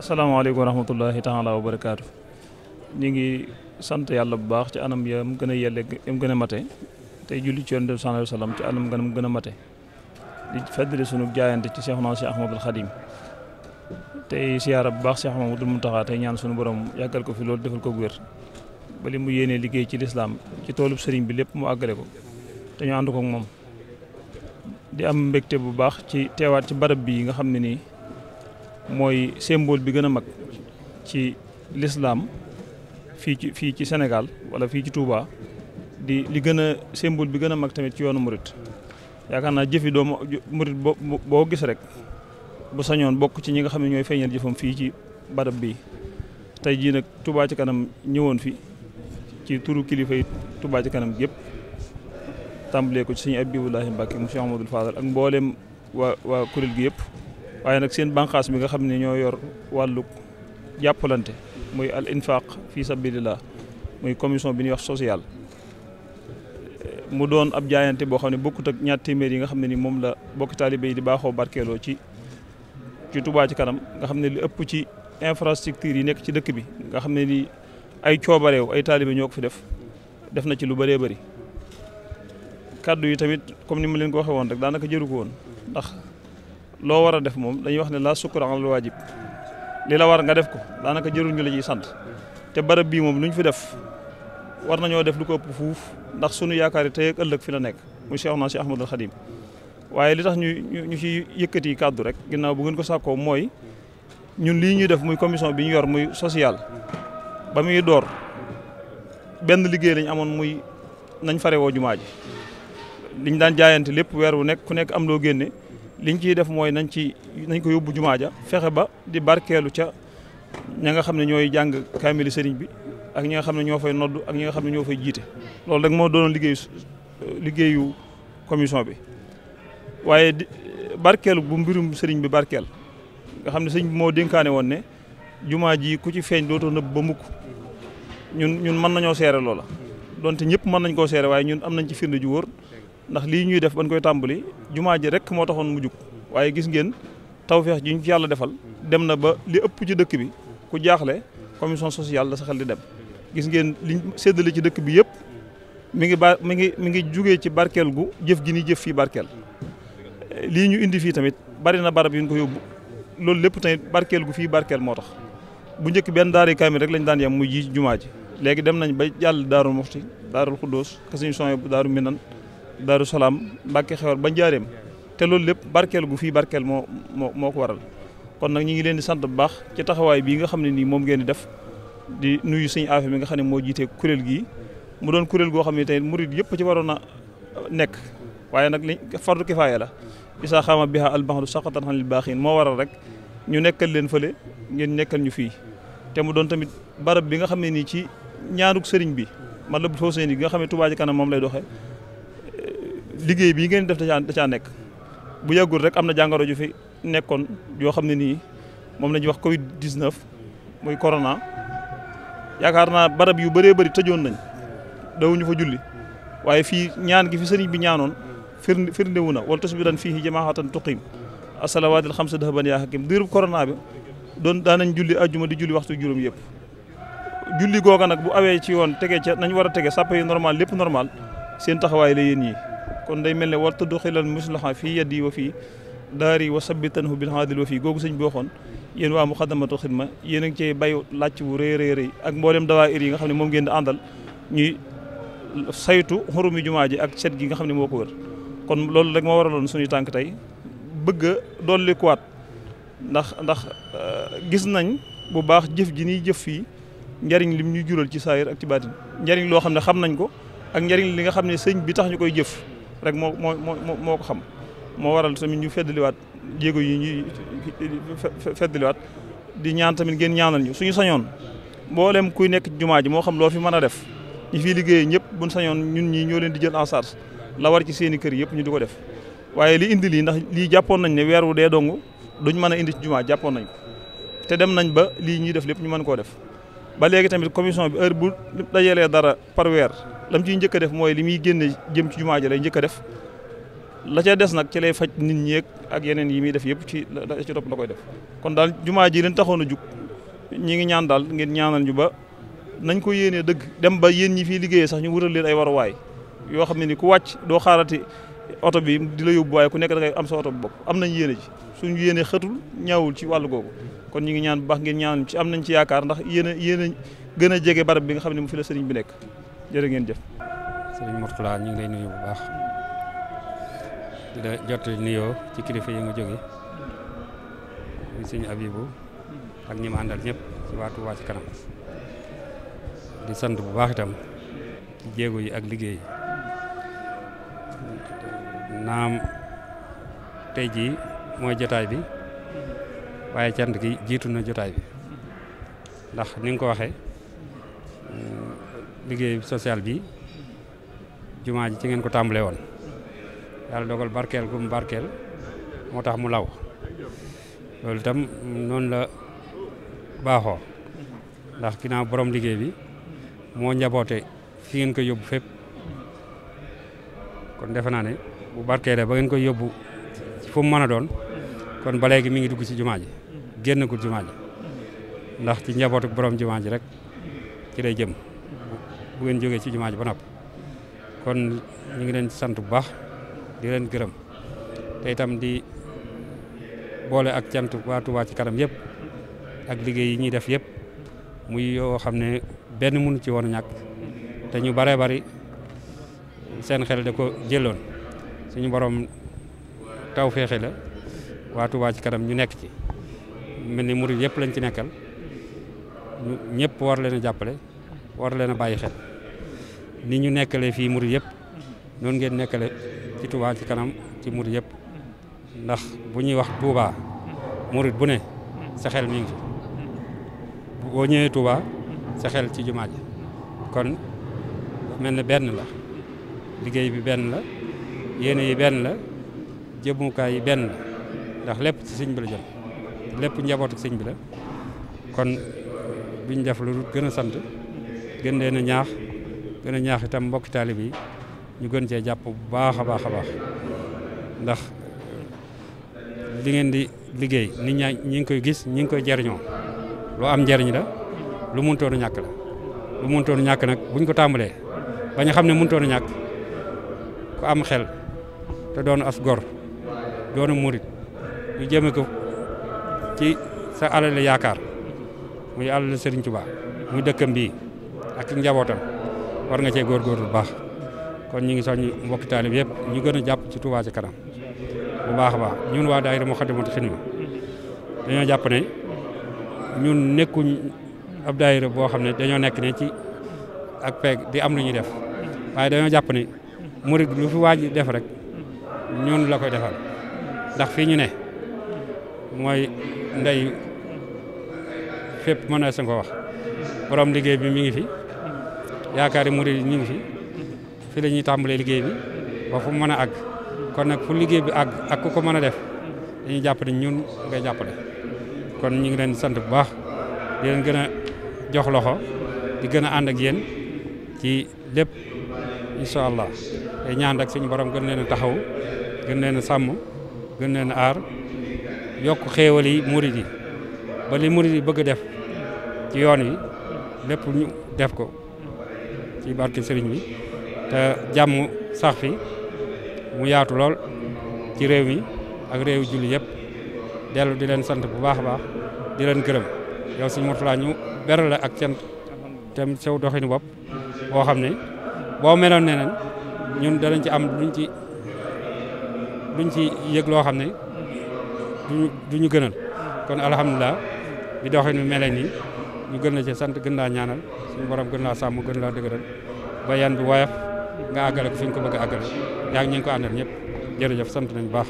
asalaamaaleykum wa rahmatullahi taala wa barakaatu ñu ngi sant yàlla bu baax ci anam ya mu gën a yelle mu gën mate tey julli ci yonent bi sallallahu alayhi wa sallam ci anam gën di feddali sunu jaayante ci Seexuna Seex Ahmadul Xadim tey siyaara bu baax Seex Ahmadul Muntaxa tey ñaan sunu borom yàggal ko fi loolu defal ko wér ba li mu yéenee liggéey ci lislaam ci toolu sëriñ bi lépp mu àggale ko te ñu ànd ko moom di am mbégte bu baax ci teewaat ci barab bii nga xam ne nii mooy symbole bi gën a mag ci lislaam fii ci fii ci Sénégal wala fii ci tuubaa di li gën a symbole bi gën a mag tamit ci yoonu murit yaakaar naa jëfi doomu murit boo gis rek bu sañoon bokk ci ñi nga xam ne ñooy feeñal jëfam fii ci barab bi te jii nag Touba ci kanam ñëwoon fi ci turu kilifa yi Touba ci kanam yépp tàmbalee ko ci suñu Abibulahi Mbàkke mu Cheikh Amadou Fadal ak mboolem waa waa kuréel gi yépp waaye nag seen bànqaas bi nga xam ne ñoo yor wàllu jàppalante muy al infaq fi sabilillah muy commission bi ñuy wax sociale mu doon ab jaayante boo xam ne bokkut ak ñaar téeméer yi nga xam ne ni moom la bokki taalibe yi di baaxoo barkeeloo ci ci Touba ci kanam nga xam ne li ëpp ci infrastructure yi nekk ci dëkk bi nga xam ne ni ay coobareew ay taalibe ñoo ko fi def def na ci lu bëree bëri kaddu yi tamit comme ni ma leen ko waxee woon rek daanaka jëru ko woon loo war a def moom dañuy wax ne la sukkur al waajib li la war nga def ko daanaka jëruñu lañuy sant te barab bii moom lu ñu fi def war nañoo def lu ko ëpp fuuf ndax sunu yaakaar yi tey ëllëg fi la nekk muy Cheikh naa Cheikh Ahmadul Xadim waaye li tax ñu ñu ci yëkkati kàddu rek ginnaaw bu ngeen ko sàkkoo mooy ñun li ñuy def muy commission bi ñu yor muy sociale ba muy door benn liggéey lañ amoon muy nañ farewoo jumaa ji liñ daan jaayante lépp weer wu nekk ku nekk am loo génne liñ ciy def mooy nañ ci nañ ko yóbbu jumaa ja fexe ba di barkeelu ca ña nga xam ne ñooy jàng kaamili sëriñ bi ak ñi nga xam ne ñoo fay nodd ak ñi nga xam ne ñoo fay jiite loolu rek moo doonoon liggéeyu liggéeyu commission bi waaye di barkeelu bu mbirum sëriñ bi barkeel nga xam ne sëriñ moo dénkaane woon ne jumaa ji ku ci feeñ dootoo nëbb ba mukk ñun ñun mën nañoo seere loola donte ñëpp mën nañ koo seere waaye ñun am nañ ci firnde ju wóor ndax lii ñuy def ban koy tàmbali jumaa ji rek moo taxoon mu jug waaye gis ngeen tawfeex ji ñu fi yàlla defal dem na ba li ëpp ci dëkk bi ku jaaxle commission sociale la sa xel di dem gis ngeen liñ séddale ci dëkk bi yëpp mu ngi ba mi ngi mi ngi jugee ci barkeel gu jëf gi ni jëf fii barkeel lii ñu indi fii tamit bari na barab yu ñu ko yóbbu loolu lépp tamit barkeel gu fii barkeel moo tax bu njëkk benn daari kaamil rek lañ daan yem mu ji jumaa ji léegi dem nañ ba jàll daarul muxti daarul xuddoos kasiñu sony bu daaru minan Daaru Salaam Mbàkke Xewar ba Njaareem te loolu lépp barkeel gu fii barkeel moo moo moo ko waral kon nag ñu ngi leen di sant bu baax ci taxawaay bii nga xam ne nii moom ngeen di def di nuyu suñu affaire bi nga xam ne moo jiitee kuréel gii mu doon kuréel goo xam ne tey murid yëpp ci waroon a nekk waaye nag li fardu kifaaya la isaa xaama biha albaxdu saqatan xanil baaxiin moo waral rek ñu nekkal leen fële ngeen nekkal ñu fii te mu doon tamit barab bi nga xam ne nii ci ñaanuk sëriñ bi man la bu foo seen yi nga xam ne Tuubaa kanam moom lay doxee liggéey bii ngeen def da caa nekk bu yàggul rek am na jàngoro ju fi nekkoon yoo xam ne nii moom la ñuy wax Covid 19 muy corona yaakaar naa barab yu bëree bëri tëjoon nañ dawuñu fa julli waaye fii ñaan gi fi sëriñ bi ñaanoon firnde firnde wu na wala tos bi daan fii jamaahatan tuqiim asalawaatil xamsa dahaban yaa hakim diirub corona bi doon daan nañ julli ajjuma di julli waxtu juróom yëpp. julli googa nag bu awee ci yoon tegee ca nañ war a tege sàpp yi lépp normal seen taxawaay la yéen ñii. kon day mel ne war tudd xilal muslaha fii yadi wa fii daari wa sabitanhu bil haadil wa fii googu sëñ bi waxoon yéen waa muxaddamatu xidma yéen a ngi cee bay làcc bu rëy rëy rëy ak mboolem dawaayir yi nga xam ne moom ngeen di àndal ñuy saytu xurumi jumaa ji ak set gi nga xam ne moo ko wër kon loolu rek moo waraloon suñuy tànk tey bëgg a dolli kuwaat ndax ndax euh, gis nañ bu baax jëf ji niy jëf fii njariñ lim ñu jural ci saayir ak ci baatin njariñ loo xam ne xam nañ ko ak njariñ li nga xam ne sëñ bi tax ñu koy jëf rek moo moo moo moo ko xam moo waral tamit ñu feddaliwaat jéego yi ñuy feddaliwaat di ñaan tamit ngeen ñaanal ñu suñu sañoon mboolem kuy nekk jumaa ji moo xam loo fi mën a def ñi fiy liggéeyee ñëpp buñ sañoon ñun ñii ñoo leen di jël en charge la war ci seeni kër yëpp ñu di ko def waaye li indi lii ndax lii jàppoon nañ ne weeru wu dee dong duñ mën a indi ci jumaa jàppoon nañ ko te dem nañ ba lii ñuy def lépp ñu mën koo def ba léegi tamit commission bi heure bu dajalee dara par weer lam ciy njëkk a def mooy li muy génne jëm ci jumaa ji lay njëkk def la ca des nag ci lay faj nit ñi ak yeneen yi muy def yëpp ci la topp la koy def kon daal jumaa ji leen taxoon a jug ñi ngi ñaan daal ngeen ñaanal ñu ba nañ ko yéenee dëgg dem ba yéen ñi fii liggéeyee sax ñu wutal leen ay waruwaay yoo xam ne ni ku wàcc doo xaarati oto bi di la yóbbu waaye ku nekk dangay am sa oto bu bopp am nañ yéene ji suñu yéene xëtul ñaawul ci wàllu googu kon ñu ngi ñaan bu baax ngeen ñaan ci am nañ ci yaakaar ndax yéen a a gën a jege barab bi nga xam ne mu fi la bi nekk jërë ngeen jëf. sëriñ Mourtala ñu ngi lay nuyu bu baax di la jot nuyoo ci kilifa yi nga jóge muy sëñ Abibu ak ñi ma àndal ñëpp ci waa ci kanam di sant bu baax itam ci jéego yi ak liggéey naam tey jii. mooy jotaay bi waaye cant gi jiitu na jotaay bi ndax ni ko waxee euh, liggéey social bi jumaa ji ci ngeen ko tàmbalee woon yàlla dogal barkeel gum barkeel moo tax mu law loolu itam noonu la baaxoo ndax naa borom liggéey bi moo njaboote fi ngeen ko yóbbu fépp kon defe naa ne bu barkeelee ba ngeen ko yóbbu fu mu mën a doon kon ba léegi mi ngi dugg ci jumaa ji génnagul jumaa ji ndax ci njabootu boroom jumaa ji rek ci lay jëm bu ngeen jógee ci jumaa ji ba nopp kon ñu ngi leen sant bu baax di leen gërëm te itam di boole ak cant waa Touba ci kanam yëpp ak liggéey yi ñuy def yëpp muy yoo xam ne benn mun ci woon ñàkk te ñu baree bari seen xel da ko jëloon suñu boroom taw feexe la waa Touba ci kanam ñu nekk ci mel ni murid yëpp lañ ci nekkal ñëpp war leen a jàppale war leen a bàyyi xel ni ñu nekkalee fii murid yëpp noonu ngeen nekkale ci Touba ci kanam ci murid yëpp ndax bu ñuy wax Touba murid bu ne sa xel mi ngi fi boo ñëwee Touba sa xel ci jumaa ji kon mel na benn la liggéey bi benn la yéene yi benn la jëmukaay yi benn la ndax lépp ci sëñ bi la jëm lépp njaboot ak sëñ bi la kon biñ def lu gën a sant gën leen a ñaax gën a ñaax itam mbokki taalib yi ñu gën cee jàpp bu baax a baax a baax ndax li ngeen di liggéey nit ña ñi ngi koy gis ñi ngi koy jariñoo lu am njariñ la lu mënutoon a ñàkk la lu mënutoon a ñàkk nag buñ ko tàmbalee bañ xam ne mënutoon a ñàkk ku am xel te doon as gor murit ñu jëme ko ci sa alal yaakaar muy alal Serigne Touba muy dëkkam bii ak ci njabootam war nga cee góorgóorlu bu baax kon ñu ngi soññ mbokki taalib yëpp ñu gën a jàpp ci Touba kanam bu baax a baax ñun waa daayira Moukhaddamatoul Khidma dañoo jàpp ne ñun nekkuñ ab daayira boo xam ne dañoo nekk ne ci ak peeg di am lu ñuy def waaye dañoo jàpp ne murid lu fi waaj def rek ñun la koy defal ndax fii ne mooy ndey fépp mën na sa ko wax borom liggéey bi mi ngi fi yaakaar murid yi mi ngi fi fi lañuy ñuy tàmbalee liggéey bi ba fu mën a àgg kon nag fu liggéey bi àgg ak ku ko mën a def dañuy jàpp ñun nga jàppale kon ñu ngi leen sant bu baax di gën a jox loxo di gën a ànd ak yéen ci lépp incha allah te ñaan rek suñu borom gën leen taxaw gën leen sàmm gën leen aar yokk xéewal yi murid yi ba li murid yi bëgg def ci yoon wi lépp ñu def ko ci barke sëriñ bi te jàmm sax fi mu yaatu lool ci réew mi ak réew julli yëpp dellu di leen sant bu baax a baax di leen gërëm yow sëñ Mourtala ñu berale ak cant tam sew doxinu bopp boo xam ne boo meloon ne neneen ñun danañ ci am luñ ci luñ ci yëg loo xam ne du ñu gënal kon alhamdulilah bi doxin mi mel nii ñu gën la ci sant gën laa ñaanal suñu borom gën laa sàmm gën laa dëgëral ba yan bi woyof nga àggale ko fi ñu ko bëgg a àggale yaa ngi ñu ko àndal ñëpp jërëjëf sant nañu baax